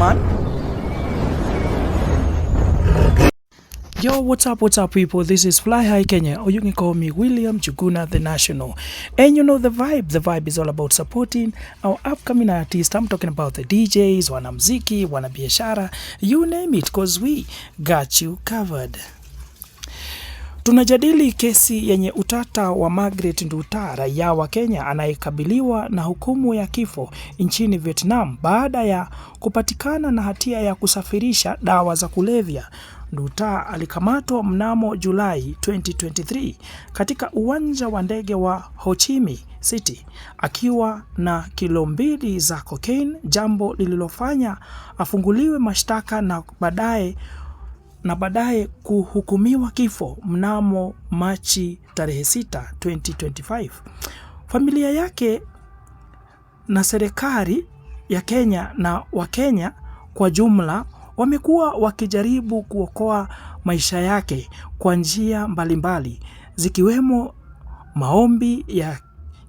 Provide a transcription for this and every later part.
man. Yo, what's up, what's up, people? This is Fly High Kenya, or you can call me William Chuguna the National. And you know the vibe. The vibe is all about supporting our upcoming artists. I'm talking about the DJs, wanamziki, wanabiashara, you name it, because we got you covered. Tunajadili kesi yenye utata wa Margaret Nduta, raia wa Kenya anayekabiliwa na hukumu ya kifo nchini Vietnam baada ya kupatikana na hatia ya kusafirisha dawa za kulevya. Nduta alikamatwa mnamo Julai 2023 katika uwanja wa ndege wa Ho Chi Minh City akiwa na kilo mbili za cocaine, jambo lililofanya afunguliwe mashtaka na baadaye na baadaye kuhukumiwa kifo mnamo Machi tarehe 6, 2025. Familia yake na serikali ya Kenya na Wakenya kwa jumla wamekuwa wakijaribu kuokoa maisha yake kwa njia mbalimbali zikiwemo maombi ya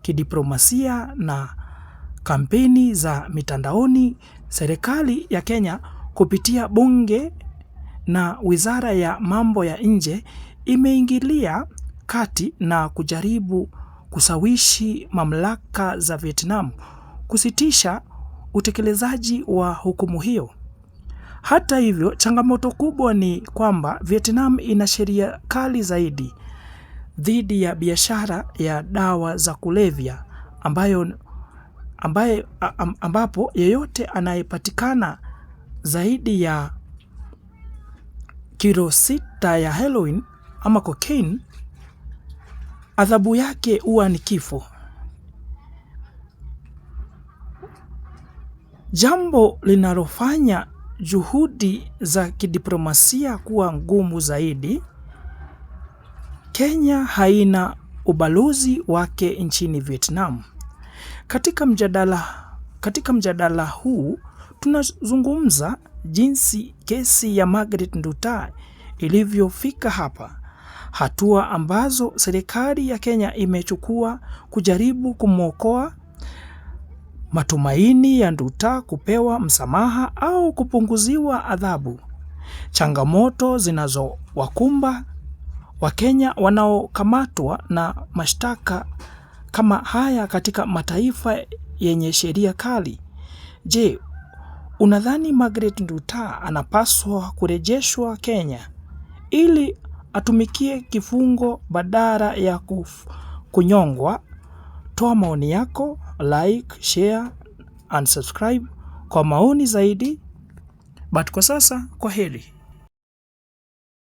kidiplomasia na kampeni za mitandaoni. Serikali ya Kenya kupitia bunge na Wizara ya Mambo ya Nje imeingilia kati na kujaribu kusawishi mamlaka za Vietnam kusitisha utekelezaji wa hukumu hiyo. Hata hivyo, changamoto kubwa ni kwamba Vietnam ina sheria kali zaidi dhidi ya biashara ya dawa za kulevya ambayo ambayo, ambapo yeyote anayepatikana zaidi ya kilo sita ya heroin ama cocaine, adhabu yake huwa ni kifo. Jambo linalofanya juhudi za kidiplomasia kuwa ngumu zaidi. Kenya haina ubalozi wake nchini Vietnam. Katika mjadala, katika mjadala huu tunazungumza jinsi kesi ya Margaret Nduta ilivyofika hapa, hatua ambazo serikali ya Kenya imechukua kujaribu kumwokoa, matumaini ya Nduta kupewa msamaha au kupunguziwa adhabu, changamoto zinazowakumba Wakenya wanaokamatwa na mashtaka kama haya katika mataifa yenye sheria kali. Je, Unadhani Margaret Nduta anapaswa kurejeshwa Kenya ili atumikie kifungo badala ya kuf, kunyongwa? Toa maoni yako, like, share and subscribe kwa maoni zaidi. But kwa sasa, kwa heri